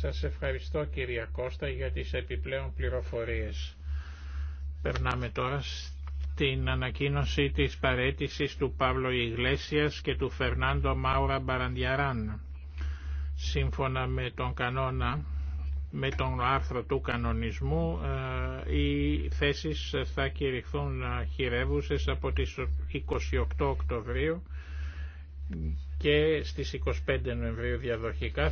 Σας ευχαριστώ κυρία Κώστα για τις επιπλέον πληροφορίες. Περνάμε τώρα στην ανακοίνωση της παρέτησης του Παύλο Ιγλέσιας και του Φερνάντο Μάουρα Μπαραντιαράν. Σύμφωνα με τον κανόνα, με τον άρθρο του κανονισμού, ε, οι θέσεις θα κηρυχθούν χειρεύουσες από τις 28 Οκτωβρίου και στις 25 Νοεμβρίου διαδοχικά